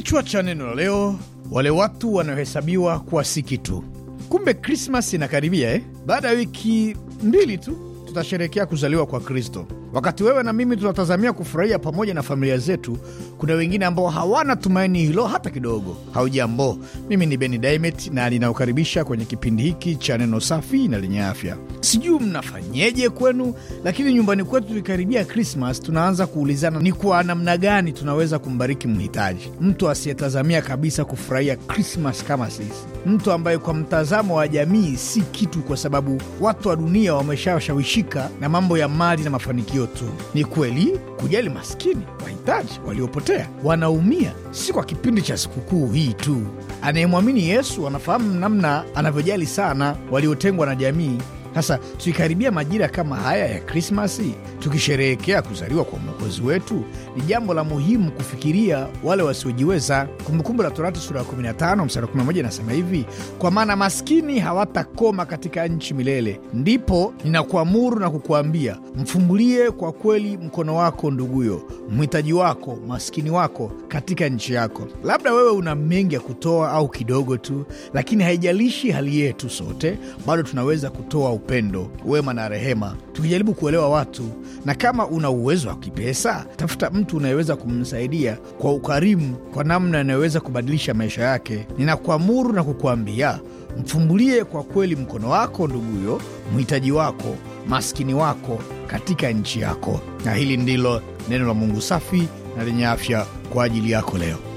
Kichwa cha neno leo: wale watu wanaohesabiwa kuwa si kitu. Kumbe Krismas inakaribia eh? Baada ya wiki mbili tu tutasherekea kuzaliwa kwa Kristo. Wakati wewe na mimi tunatazamia kufurahia pamoja na familia zetu, kuna wengine ambao hawana tumaini hilo hata kidogo. Haujambo, mimi ni Beni Dimet na ninaokaribisha kwenye kipindi hiki cha neno safi na lenye afya. Sijui mnafanyeje kwenu, lakini nyumbani kwetu tukikaribia Krismas tunaanza kuulizana ni kwa namna gani tunaweza kumbariki mhitaji, mtu asiyetazamia kabisa kufurahia Krismas kama sisi, mtu ambaye kwa mtazamo wa jamii si kitu, kwa sababu watu wa dunia wameshashawishika na mambo ya mali na mafanikio hiyo tu. Ni kweli kujali maskini, wahitaji, waliopotea, wanaumia, si kwa kipindi cha sikukuu hii tu. Anayemwamini Yesu anafahamu namna anavyojali sana waliotengwa na jamii sasa tukikaribia majira kama haya ya Krismasi, tukisherehekea kuzaliwa kwa mwokozi wetu, ni jambo la muhimu kufikiria wale wasiojiweza. Kumbukumbu la Torati sura ya 15 mstari 11 inasema hivi: kwa maana maskini hawatakoma katika nchi milele, ndipo ninakuamuru na kukuambia, mfumbulie kwa kweli mkono wako nduguyo mhitaji wako, maskini wako katika nchi yako. Labda wewe una mengi ya kutoa au kidogo tu, lakini haijalishi hali yetu sote bado tunaweza kutoa upendo, wema na rehema, tukijaribu kuelewa watu. Na kama una uwezo wa kipesa, tafuta mtu unayeweza kumsaidia kwa ukarimu, kwa namna inayoweza kubadilisha maisha yake. Ninakuamuru na kukuambia, mfumbulie kwa kweli mkono wako ndugu huyo mhitaji wako maskini wako katika nchi yako. Na hili ndilo neno la Mungu safi na lenye afya kwa ajili yako leo.